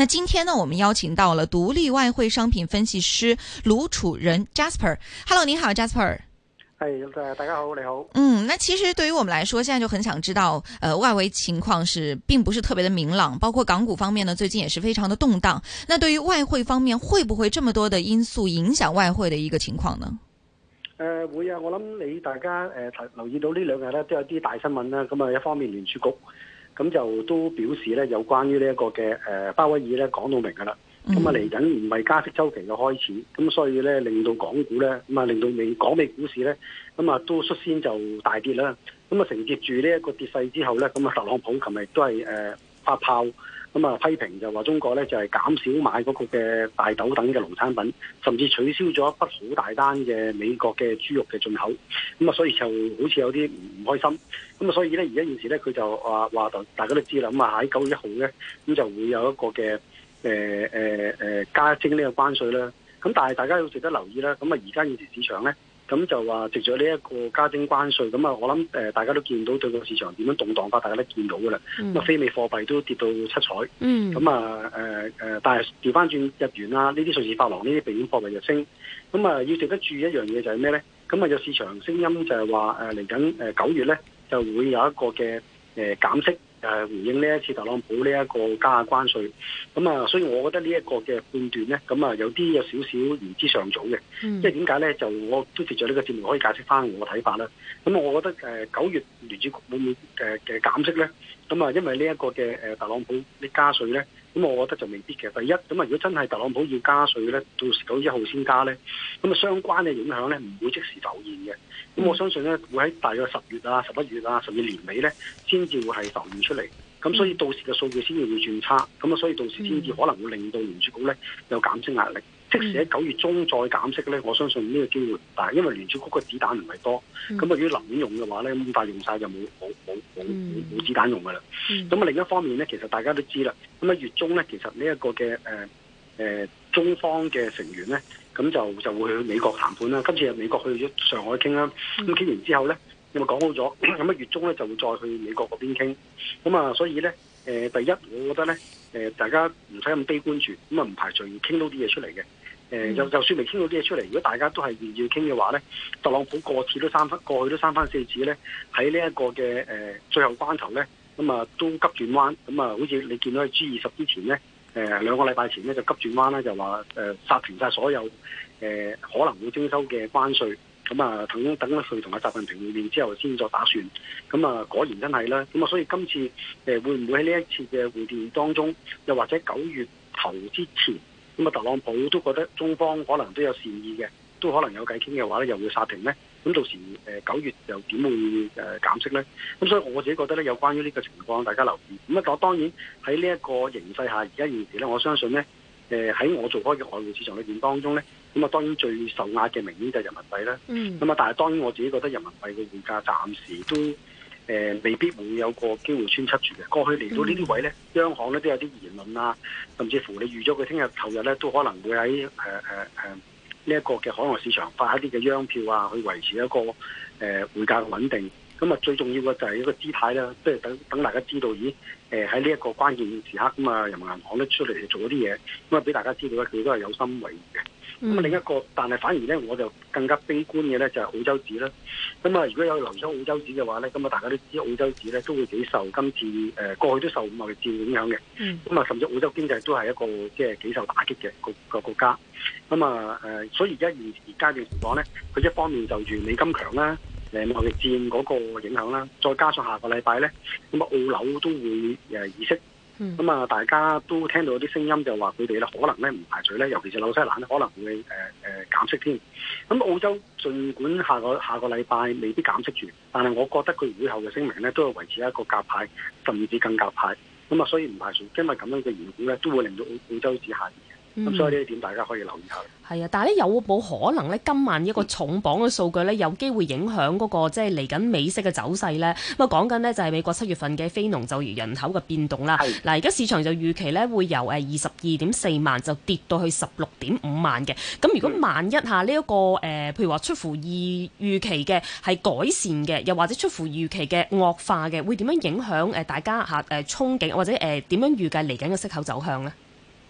那今天呢，我們邀請到了獨立外匯商品分析師盧楚仁 （Jasper）。Hello，你好，Jasper。哎 Jas，hey, 大家好，你好。嗯，那其實對於我們來說，現在就很想知道，呃，外圍情況是並不是特別的明朗，包括港股方面呢，最近也是非常的動盪。那對於外匯方面，會不會這麼多的因素影響外匯的一個情況呢？誒、呃，會啊，我諗你大家誒、呃，留意到呢兩日呢，都有啲大新聞啦。咁啊，一方面聯儲局。咁就都表示咧，有關於呢一個嘅誒、呃，鮑威爾咧講到明㗎喇。咁啊、嗯，嚟緊唔係加息週期嘅開始，咁所以咧令到港股咧，咁啊令到美港美股市咧，咁啊都率先就大跌啦。咁啊，承接住呢一個跌勢之後咧，咁啊，特朗普琴日都係誒發炮。呃啪啪咁啊，批評就話中國咧就係減少買嗰個嘅大豆等嘅農產品，甚至取消咗一筆好大單嘅美國嘅豬肉嘅進口，咁啊，所以就好似有啲唔開心。咁啊，所以咧而家現時咧佢就話話大家都知道，咁啊喺九月一號咧，咁就會有一個嘅誒誒誒加徵呢個關稅啦。咁但係大家要值得留意啦，咁啊而家現時市場咧。咁就話，藉助呢一個加徵關稅，咁啊，我諗大家都見到對個市場點樣動盪法，大家都見到㗎啦。咁啊，非美貨幣都跌到七彩，咁啊誒但係調翻轉日元啊，呢啲瑞士法郎，呢啲避險貨幣就升。咁啊，要值得注意一樣嘢就係咩咧？咁啊，有市場聲音就係話嚟緊九月咧就會有一個嘅誒減息。誒回應呢一次特朗普呢一個加關稅，咁啊，所以我覺得呢一個嘅判斷咧，咁啊有啲有少少言之尚早嘅，即係點解咧？就我都接咗呢個節目可以解釋翻我嘅睇法啦。咁我覺得誒九月聯儲局會唔會誒嘅減息咧？咁啊，因為呢一個嘅誒特朗普啲加稅咧。咁我覺得就未必嘅。第一，咁如果真係特朗普要加稅咧，到九月一號先加咧，咁啊相關嘅影響咧唔會即時浮現嘅。咁我相信咧會喺大約十月啊、十一月啊，甚至年尾咧先至會係浮現出嚟。咁所以到時嘅數據先至會轉差。咁啊，所以到時先至可能會令到聯儲局咧有減息壓力。即使喺九月中再減息咧，我相信呢個機會唔大，因為聯儲局嘅子彈唔係多，咁啊如果臨用嘅話咧，咁快用晒就冇冇冇冇冇子彈用噶啦。咁啊、嗯、另一方面咧，其實大家都知啦，咁啊月中咧，其實呢一個嘅誒誒中方嘅成員咧，咁就就會去美國談判啦。今次係美國去咗上海傾啦，咁傾完之後咧，咁咪講好咗。咁啊月中咧就會再去美國嗰邊傾。咁啊所以咧，誒、呃、第一，我覺得咧，誒、呃、大家唔使咁悲觀住，咁啊唔排除傾到啲嘢出嚟嘅。誒又、嗯、就算未傾到啲嘢出嚟，如果大家都係願意傾嘅話咧，特朗普過次都三番過去都三番四次咧，喺呢一個嘅最後關頭咧，咁啊都急轉彎，咁啊好似你見到 G 二十之前咧，誒兩個禮拜前咧就急轉彎啦，就話誒剎停晒所有誒、呃、可能會徵收嘅關稅，咁啊等等咗佢同阿習近平會面之後先再打算，咁啊果然真係啦，咁啊所以今次誒、呃、會唔會喺呢一次嘅會面當中，又或者九月頭之前？咁啊，特朗普都覺得中方可能都有善意嘅，都可能有偈傾嘅話咧，又會殺停咧。咁到時誒九月又點會誒減息咧？咁所以我自己覺得咧，有關於呢個情況，大家留意。咁啊，當然喺呢一個形勢下，而家現時咧，我相信咧，誒喺我做開嘅外匯市場裏邊當中咧，咁啊，當然最受壓嘅明顯就係人民幣啦。嗯。咁啊，但係當然我自己覺得人民幣嘅匯價暫時都，誒、呃、未必會有個機會穿七住嘅。過去嚟到這些位，呢啲位咧，央行咧都有啲言論啊，甚至乎你預咗佢聽日、後日咧都可能會喺誒誒誒呢一個嘅海外市場發一啲嘅央票啊，去維持一個誒匯價穩定。咁啊，最重要嘅就係一個姿態啦，即、就、係、是、等等大家知道，咦？誒喺呢一個關鍵時刻咁啊、呃，人民銀行咧出嚟做咗啲嘢，咁啊俾大家知道咧，佢都係有心為嘅。咁、嗯嗯、另一個，但係反而咧，我就更加悲觀嘅咧，就係、是、澳洲紙啦。咁、嗯、啊，如果有留意澳洲紙嘅話咧，咁啊，大家都知道澳洲紙咧都會幾受今次誒過去都受貿易戰的影響嘅。咁啊，甚至澳洲經濟都係一個即係幾受打擊嘅個個國家。咁啊誒，嗯嗯所以而家現階段嚟講咧，佢一方面就完美金強啦，誒貿易戰嗰個影響啦，再加上下個禮拜咧，咁啊澳紐都會誒意識。咁啊，嗯、大家都聽到啲聲音就話佢哋咧可能咧唔排除咧，尤其是紐西蘭可能會誒誒、呃呃、減息添。咁澳洲儘管下個下個禮拜未必減息住，但係我覺得佢以後嘅聲明咧都會維持一個鴿派，甚至更鴿派。咁啊，所以唔排除，因為咁樣嘅緣故咧都會令到澳，澳洲市下跌。咁所以呢啲點大家可以留意下。係、嗯、啊，但係咧有冇可能咧，今晚一個重磅嘅數據咧，有機會影響嗰個即係嚟緊美息嘅走勢咧？咁啊講緊呢，就係美國七月份嘅非農就業人口嘅變動啦。嗱是，而家市場就預期咧會由誒二十二點四萬就跌到去十六點五萬嘅。咁如果萬一下呢、這、一個誒、呃，譬如話出乎預預期嘅係改善嘅，又或者出乎預期嘅惡化嘅，會點樣影響誒大家嚇誒憧憬或者誒點樣預計嚟緊嘅息口走向呢？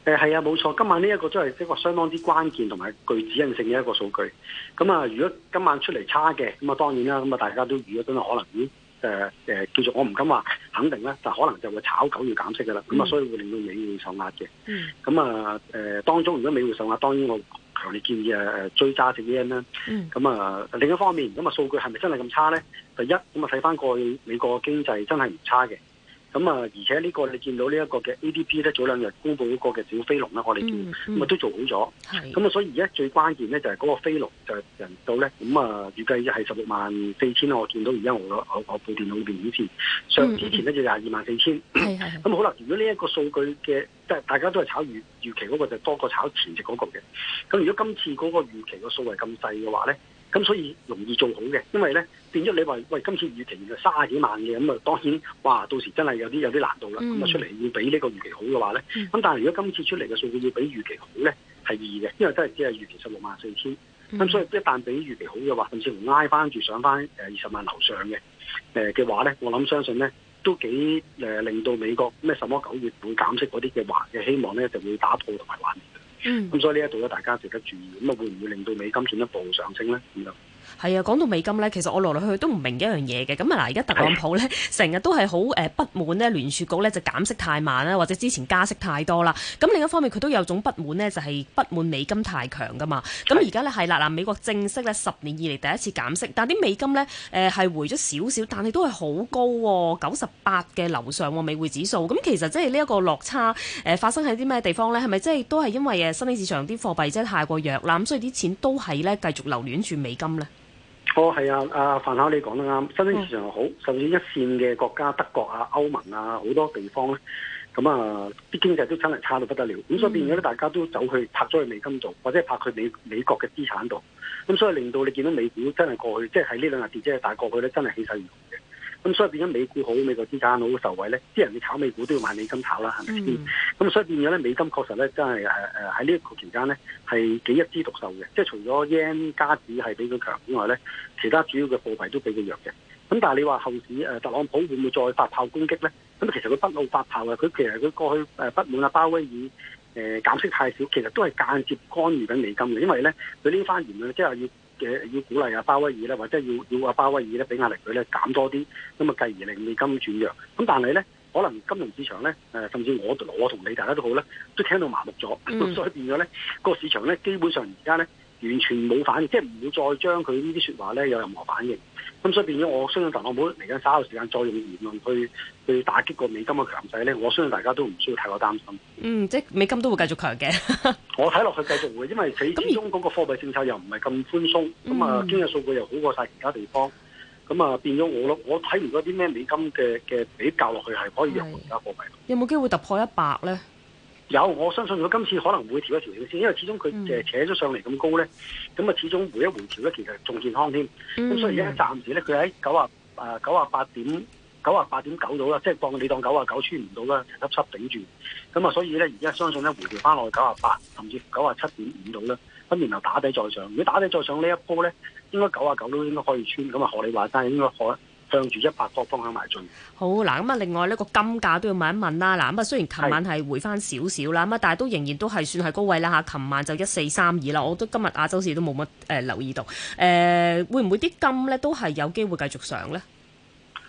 誒係啊，冇錯，今晚呢一個都係一個相當之關鍵同埋具指引性嘅一個數據。咁啊，如果今晚出嚟差嘅，咁啊當然啦，咁啊大家都預咗都可能，誒、呃、誒、呃，叫做我唔敢話肯定咧，就可能就會炒狗要減息噶啦。咁啊，所以會令到美匯受壓嘅。咁啊、嗯，誒、呃、當中如果美匯受壓，當然我強烈建議誒誒追揸隻 N 啦。咁啊、嗯，另一方面，咁啊數據係咪真係咁差咧？第一，咁啊睇翻過去美國經濟真係唔差嘅。咁啊、嗯，而且呢個你見到呢一個嘅 A D P 咧，早兩日公布嗰個嘅小飛龍呢，我哋叫咁啊，嗯嗯、都做好咗。咁啊是、嗯，所以而家最關鍵咧就係、是、嗰個飛龍就係人數咧。咁、嗯、啊、呃，預計係十六萬四千啦，我見到而家我我我部電腦裏面以前，上之前咧就廿二萬四千。咁好啦，如果呢一個數據嘅即係大家都係炒預預期嗰、那個，就多過炒前值嗰個嘅。咁如果今次嗰個預期個數位咁細嘅話咧？咁所以容易做好嘅，因為咧變咗你話喂，今次預期就卅幾萬嘅，咁啊當然，哇到時真係有啲有啲難度啦。咁啊、嗯、出嚟要比呢個預期好嘅話咧，咁、嗯、但係如果今次出嚟嘅數據要比預期好咧，係易嘅，因為真係只係預期十六萬四千。咁、嗯、所以一旦比預期好嘅話，甚至乎拉翻住上翻誒二十萬樓上嘅嘅、呃、話咧，我諗相信咧都幾、呃、令到美國咩什麼九月會減息嗰啲嘅話嘅，希望咧就會打破同埋還。嗯，咁所以呢一度咧，大家值得注意，咁啊會唔會令到美金進一步上升咧咁？係啊，講到美金呢，其實我來來去去都唔明一樣嘢嘅咁啊。嗱，而家特朗普呢，成日都係好誒不滿呢聯儲局呢，就減息太慢啦，或者之前加息太多啦。咁另一方面，佢都有種不滿呢，就係、是、不滿美金太強㗎嘛。咁而家呢，係啦，嗱，美國正式呢，十年以嚟第一次減息，但啲美金呢，誒、呃、係回咗少少，但係都係好高喎，九十八嘅樓上喎美匯指數。咁其實即係呢一個落差誒發生喺啲咩地方呢？係咪即係都係因為誒新興市場啲貨幣即係太過弱啦？咁所以啲錢都係呢，繼續留戀住美金呢？哦，係啊，阿范校，你講得啱，新興市場又好，甚至一線嘅國家德國啊、歐盟啊，好多地方咧，咁啊啲經濟都真係差到不得了。咁所以變咗咧，大家都走去拍咗去美金做，或者拍去美美國嘅資產度，咁所以令到你見到美股真係過去，即係喺呢兩日跌咗大過去咧，真係起曬嚟嘅。咁所以變咗美股好，美國資產好受惠咧，啲人你炒美股都要買美金炒啦，係咪先？咁、mm. 所以變咗咧，美金確實咧，真係誒誒喺呢一個期間咧係幾一枝獨秀嘅，即係除咗 yen 加紙係比較強之外咧，其他主要嘅貨幣都比較弱嘅。咁但係你話後市特朗普會唔會再發炮攻擊咧？咁其實佢不嬲發炮呀，佢其實佢過去誒不滿啊鮑威爾誒、呃、減息太少，其實都係間接干預緊美金嘅，因為咧佢呢番言論即係要。要鼓勵啊，鮑威爾咧，或者要要啊鮑威爾咧，俾壓力佢咧減多啲，咁啊繼而令美金轉弱。咁但係咧，可能金融市場咧，誒甚至我我同你大家都好咧，都聽到麻木咗，嗯、所以變咗咧、個市場咧，基本上而家咧。完全冇反應，即係唔會再將佢呢啲説話咧有任何反應。咁、嗯、所以變咗，我相信特朗普嚟緊稍後時間再用言論去去打擊個美金嘅強勢咧，我相信大家都唔需要太過擔心。嗯，即係美金都會繼續強嘅。 我睇落去繼續會，因為佢始終嗰個貨幣政策又唔係咁寬鬆，咁啊、嗯嗯、經濟數據又好過晒其他地方，咁啊變咗我咯。我睇唔到啲咩美金嘅嘅比較落去係可以弱過其他貨幣。有冇機會突破一百咧？有，我相信如果今次可能會調一調整先，因為始終佢誒扯咗上嚟咁高咧，咁啊、嗯、始終回一回調咧其實仲健康添。咁、嗯、所以而家暫時咧，佢喺九啊誒九啊八點九啊八點九度啦，即係當你當九啊九穿唔到啦，七七頂住。咁啊，所以咧而家相信咧回調翻落去九啊八，甚至九啊七點五度啦。咁然後打底再上，如果打底再上呢一波咧，應該九啊九都應該可以穿。咁啊，學你話齋應該可。向住一百個方向埋進好。好嗱，咁啊，另外呢個金價都要問一問啦。嗱，咁啊，雖然琴晚係回翻少少啦，咁啊是，但係都仍然都係算係高位啦嚇。琴晚就一四三二啦，我都今日亞洲市都冇乜誒留意到。誒、呃，會唔會啲金咧都係有機會繼續上咧？誒、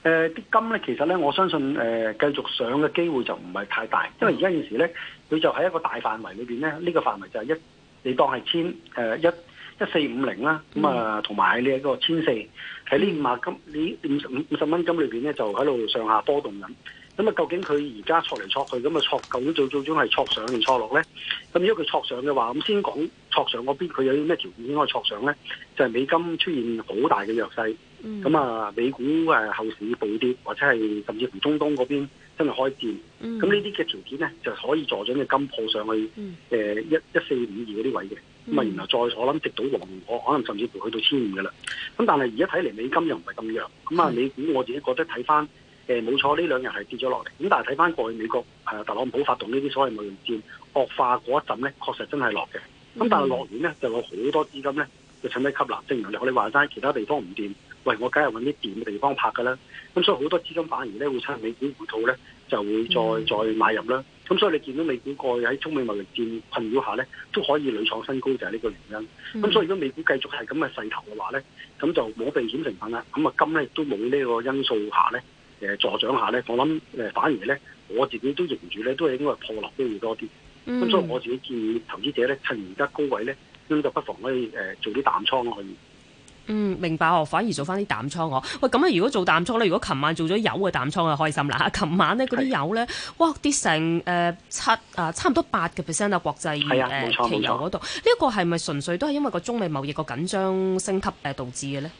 呃，啲金咧，其實咧，我相信誒、呃、繼續上嘅機會就唔係太大，因為而家現時咧，佢、嗯、就喺一個大範圍裏邊咧，呢、這個範圍就係一，你當係千誒一一四五零啦。咁啊，同埋你一個千四。喺呢五萬金，呢五十五五十蚊金裏面咧，就喺度上下波動緊。咁啊，究竟佢而家戳嚟戳去，咁啊戳究竟最最終係戳上定戳落咧？咁如果佢戳上嘅話，咁先講戳上嗰邊，佢有啲咩條件應該戳上咧？就係、是、美金出現好大嘅弱勢，咁、嗯、啊，美股誒後市暴跌，或者係甚至乎中東嗰邊真係開戰，咁呢啲嘅條件咧，就可以助長嘅金鋪上去嘅一一四五二嗰啲位嘅。咁啊，然後再我諗跌到黃金我可能甚至乎去到千五嘅啦。咁但係而家睇嚟，美金又唔係咁弱。咁啊，美股我自己覺得睇翻，冇、呃、錯，呢兩日係跌咗落嚟。咁但係睇翻過去，美國誒、啊、特朗普發動呢啲所謂貿易戰惡化嗰一陣咧，確實真係落嘅。咁、嗯、但係落完咧，就有好多資金咧，就趁低吸納，正如我哋話齋，其他地方唔掂。喂，我梗係揾啲掂嘅地方拍㗎啦，咁所以好多資金反而咧會趁美股回套咧，就會再、mm. 再買入啦。咁所以你見到美股過去喺中美貿易戰困擾下咧，都可以屢創新高，就係呢個原因。咁、mm. 所以如果美股繼續係咁嘅勢頭嘅話咧，咁就冇避險成分啦。咁啊，金咧亦都冇呢個因素下咧，誒助長下咧，我諗誒反而咧，我自己都認住咧，都係應該係破落都會多啲。咁、mm. 所以我自己建議投資者咧，趁而家高位咧，咁就不妨可以誒做啲淡倉可以。嗯，明白，我反而做翻啲淡倉我喂，咁啊，如果做淡倉咧，如果琴晚做咗油嘅淡倉啊，開心啦！琴晚咧嗰啲油咧，的哇跌成誒七啊，差唔多八嘅 percent 啊，國際誒期油嗰度。呢、呃、一錯個係咪純粹都係因為個中美貿易個緊張升級誒導致嘅咧？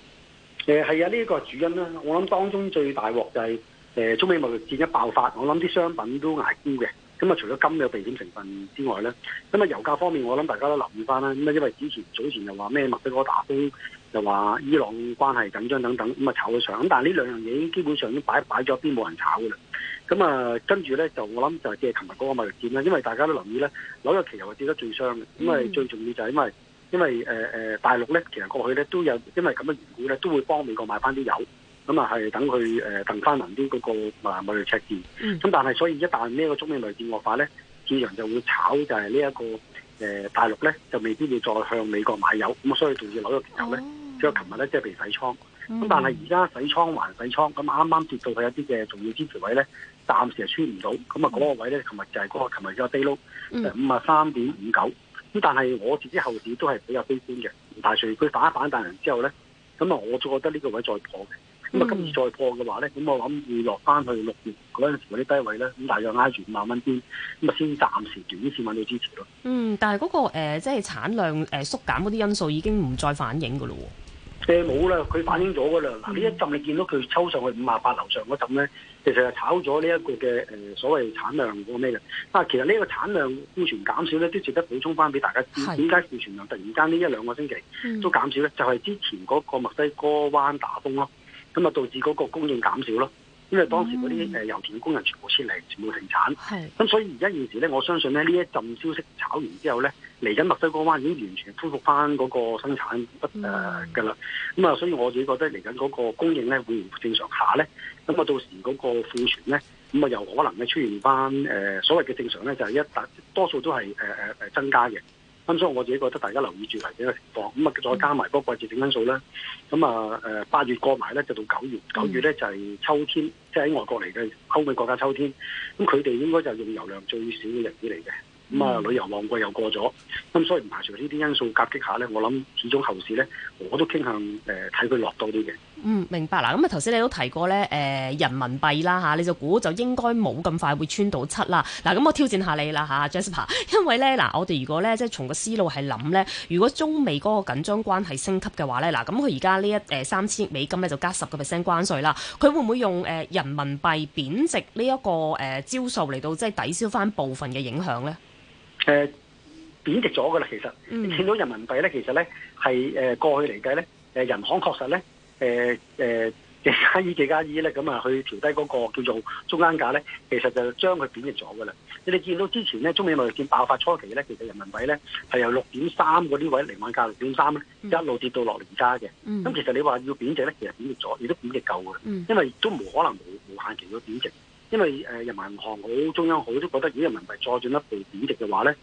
誒係啊，呢一、呢個主因啦。我諗當中最大鑊就係、是、誒、呃、中美貿易戰一爆發，我諗啲商品都捱沽嘅。咁啊，除咗金嘅避險成分之外咧，咁啊油價方面，我諗大家都留意翻啦。咁啊，因為之前早前又話咩墨西哥打風。就話伊朗關係緊張等，等等，咁啊炒嘅上，咁但係呢兩樣嘢已經基本上都擺擺咗一邊，冇人炒嘅啦。咁啊，跟住咧就我諗就係即係琴日嗰個貿易戰啦，因為大家都留意咧，紐約期油跌得最傷嘅。咁啊，最重要就係因為因為誒誒、呃、大陸咧，其實過去咧都有因為咁嘅緣故咧，都會幫美國買翻啲油，咁啊係等佢誒騰翻暈啲嗰個啊貿易赤字。咁、嗯、但係所以一旦呢一個中美貿易戰惡化咧，市場就會炒就係呢一個誒、呃、大陸咧就未必要再向美國買油，咁所以導致紐約期油咧。Oh. 即係，琴日咧即係被洗倉，咁但係而家洗倉還洗倉，咁啱啱跌到佢一啲嘅重要支持位咧，暫時係穿唔到，咁啊嗰個位咧，琴日就係、是、嗰、那個，琴日比較低碌，五啊三點五九，咁但係我自己後市都係比較悲觀嘅，唔排除佢反一反彈人之後咧，咁啊我就覺得呢個位再破嘅，咁啊今次再破嘅話咧，咁我諗要落翻去六月嗰陣時嗰啲低位咧，咁大概挨住五萬蚊啲，咁啊先暫時短線揾到支持咯。嗯，但係嗰、那個即係、呃就是、產量誒、呃、縮減嗰啲因素已經唔再反映㗎咯喎。冇啦，佢反映咗㗎喇。嗱，呢一浸你見到佢抽上去五啊八樓上嗰浸咧，其實係炒咗呢一個嘅誒所謂產量嗰咩嘅。啊，其實呢個產量庫存減少咧，都值得補充翻俾大家知點解庫存量突然間呢一兩個星期都減少咧，是的就係之前嗰個墨西哥灣打風咯，咁啊導致嗰個供應減少咯。因為當時嗰啲誒油田工人全部撤離，全部停產。咁的所以而家現時咧，我相信咧呢一陣消息炒完之後咧，嚟緊墨西哥灣已經完全恢復翻嗰個生產不誒嘅啦。咁啊的，所以我自己覺得嚟緊嗰個供應咧會唔正常下咧？咁啊，到時嗰個庫存咧，咁啊又可能咧出現翻誒所謂嘅正常咧，就係、是、一大多數都係誒誒誒增加嘅。咁所以我自己覺得大家留意住係呢個情況，咁啊再加埋嗰個季節性因素啦。咁啊誒八月過埋咧就到九月，九月咧就係秋天，即係喺外國嚟嘅歐美國家秋天，咁佢哋應該就用油量最少嘅日子嚟嘅，咁啊旅遊旺季又過咗，咁、嗯、所以唔排除呢啲因素夾擊下咧，我諗始終後市咧我都傾向誒睇佢落多啲嘅。呃嗯，明白啦。咁啊，頭先你都提過咧，誒、呃，人民幣啦吓，你就估就應該冇咁快會穿到七啦。嗱，咁我挑戰下你啦吓、啊、Jasper，因為咧，嗱，我哋如果咧，即係從個思路係諗咧，如果中美嗰個緊張關係升級嘅話咧，嗱，咁佢而家呢一誒三千億美金咧就加十個 percent 關稅啦，佢會唔會用誒人民幣貶值呢、這、一個誒、呃、招數嚟到即係抵消翻部分嘅影響咧？誒、呃，貶值咗噶啦，其實，嗯，見到人民幣咧，其實咧係誒過去嚟計咧，誒、呃，銀行確實咧。誒誒，幾、呃呃、加二幾加二咧，咁啊，去調低嗰個叫做中間價咧，其實就將佢貶值咗㗎啦。你哋見到之前咧，中美貿易戰爆發初期咧，其實人民幣咧係由六點三嗰啲位嚟往價六點三咧，一路跌到落嚟而家嘅。咁其實你話要貶值咧，其實貶值咗，亦都貶值夠㗎啦。因為都冇可能無無限期要貶值，因為誒、呃、人民銀行好中央好都覺得，如果人民幣再進一步貶值嘅話咧，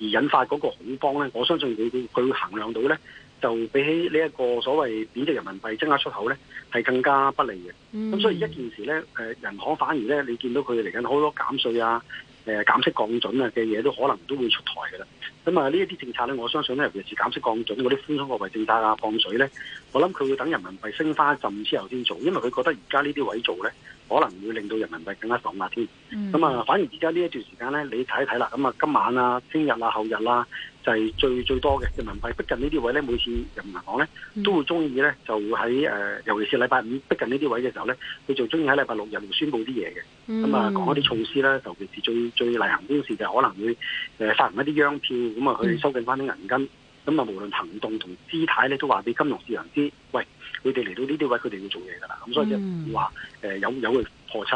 而引發嗰個恐慌咧，我相信佢佢佢會衡量到咧。就比起呢一個所謂貶值人民幣增加出口咧，係更加不利嘅。咁、嗯、所以一件事咧，誒人行反而咧，你見到佢嚟緊好多減稅啊、誒、呃、減息降準啊嘅嘢，都可能都會出台㗎喇。咁啊呢一啲政策咧，我相信咧，尤其是減息降準嗰啲寬鬆貨幣政策啊、放水咧，我諗佢會等人民幣升返一陣之後先做，因為佢覺得而家呢啲位做咧。可能會令到人民幣更加受壓添。咁啊，反而而家呢一段時間咧，你睇一睇啦。咁啊，今晚啊、聽日啊、後日啦、啊，就係、是、最最多嘅人民幣逼近這些置呢啲位咧。每次人民銀行咧都會中意咧，就喺誒、呃，尤其是禮拜五逼近呢啲位嘅時候咧，佢就中意喺禮拜六日會宣布啲嘢嘅。咁啊，講一啲措施啦，尤其是最最例行公事就是可能會誒發行一啲央票，咁啊去收緊翻啲銀根。咁啊，無論行動同姿態咧，都話俾金融市場知，喂。佢哋嚟到呢啲位，佢哋要做嘢㗎喇，咁所以就話誒、嗯呃、有有去破七，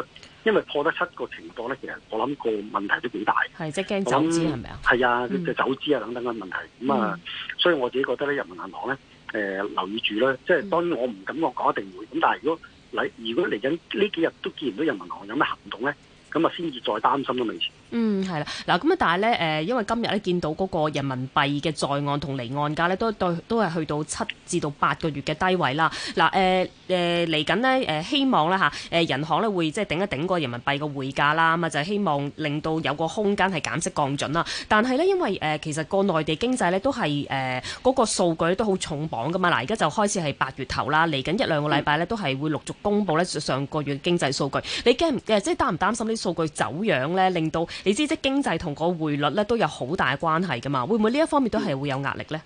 因為破得七個情況咧，其實我諗個問題都幾大，係即係驚走資係咪啊？係啊，即走資啊等等嘅問題。咁啊，嗯、所以我自己覺得咧，人民銀行咧誒、呃、留意住啦。即、就、係、是、當然我唔敢我講一定會咁，但係如果嚟如果嚟緊呢幾日都見唔到人民銀行有咩行動咧，咁啊先至再擔心咯，未嗯，係啦，嗱咁啊，但係咧，誒，因為今日咧見到嗰個人民幣嘅在岸同離岸價咧，都對都係去到七至到八個月嘅低位啦。嗱、呃，誒誒嚟緊呢，誒希望咧嚇，誒銀行咧會即係頂一頂個人民幣嘅匯價啦，咁啊就係、希望令到有個空間係減息降準啦。但係咧，因為誒其實個內地經濟咧都係誒嗰個數據都好重磅噶嘛。嗱，而家就開始係八月頭啦，嚟緊一兩個禮拜咧都係會陸續公布咧上個月經濟數據。你驚誒即係擔唔擔心啲數據走樣咧，令到？你知即經濟同個匯率咧都有好大關係噶嘛？會唔會呢一方面都係會有壓力咧？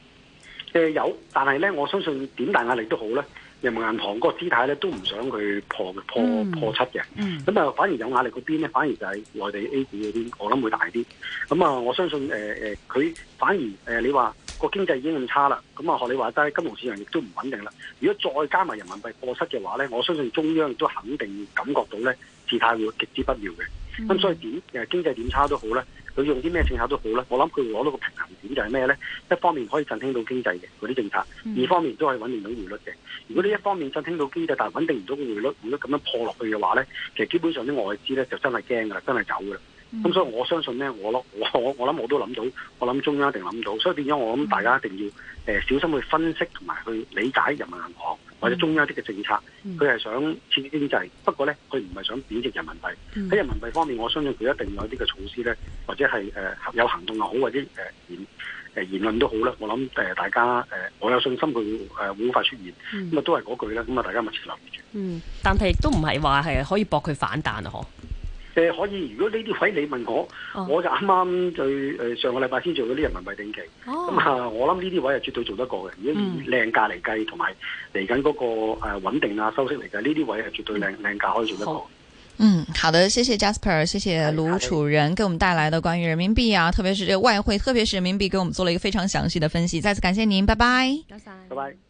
誒、呃、有，但係咧，我相信點大壓力都好咧。人民銀行嗰個姿態咧都唔想佢破破破七嘅。咁啊、嗯，反而有壓力嗰邊咧，反而就係內地 A 股嗰邊，我諗會大啲。咁啊，我相信誒誒佢反而誒、呃、你話個經濟已經咁差啦，咁啊學你話齋金融市場亦都唔穩定啦。如果再加埋人民幣破七嘅話咧，我相信中央都肯定感覺到咧事態會極之不妙嘅。咁、嗯嗯、所以點誒經濟點差都好咧，佢用啲咩政策都好咧，我諗佢攞到個平衡點就係咩咧？一方面可以振興到經濟嘅嗰啲政策，嗯、二方面都可以穩定到匯率嘅。如果你一方面振興到經濟，但係穩定唔到個匯率，匯率咁樣破落去嘅話咧，其實基本上啲外資咧就真係驚㗎啦，真係走㗎啦。咁、嗯、所以我相信咧，我攞我我我諗我都諗到，我諗中央一定諗到，所以變咗我諗大家一定要誒、呃、小心去分析同埋去理解人民銀行。或者中央一啲嘅政策，佢係想刺激經濟，嗯、不過咧佢唔係想貶值人民幣。喺、嗯、人民幣方面，我相信佢一定有啲嘅措施咧，或者係誒、呃、有行動又好，或者誒言誒、呃、言論都好啦。我諗誒、呃、大家誒、呃，我有信心佢誒會快出現。咁啊、嗯、都係嗰句啦。咁啊大家密切留意住。嗯，但係亦都唔係話係可以博佢反彈啊！你、呃、可以。如果呢啲位你問我，哦、我就啱啱對誒，上個禮拜先做咗啲人民幣定期。咁啊、哦嗯，我諗呢啲位係絕對做得過嘅。如果以靚價嚟計，同埋嚟緊嗰個誒穩定啊、收息嚟計，呢啲位係絕對靚靚價可以做得過。嗯，好的，謝謝 Jasper，謝謝盧楚仁給我們帶來的關於人民幣啊，特別是這個外匯，特別是人民幣，給我們做了一個非常詳細的分析。再次感謝您，拜拜，拜拜。Bye bye。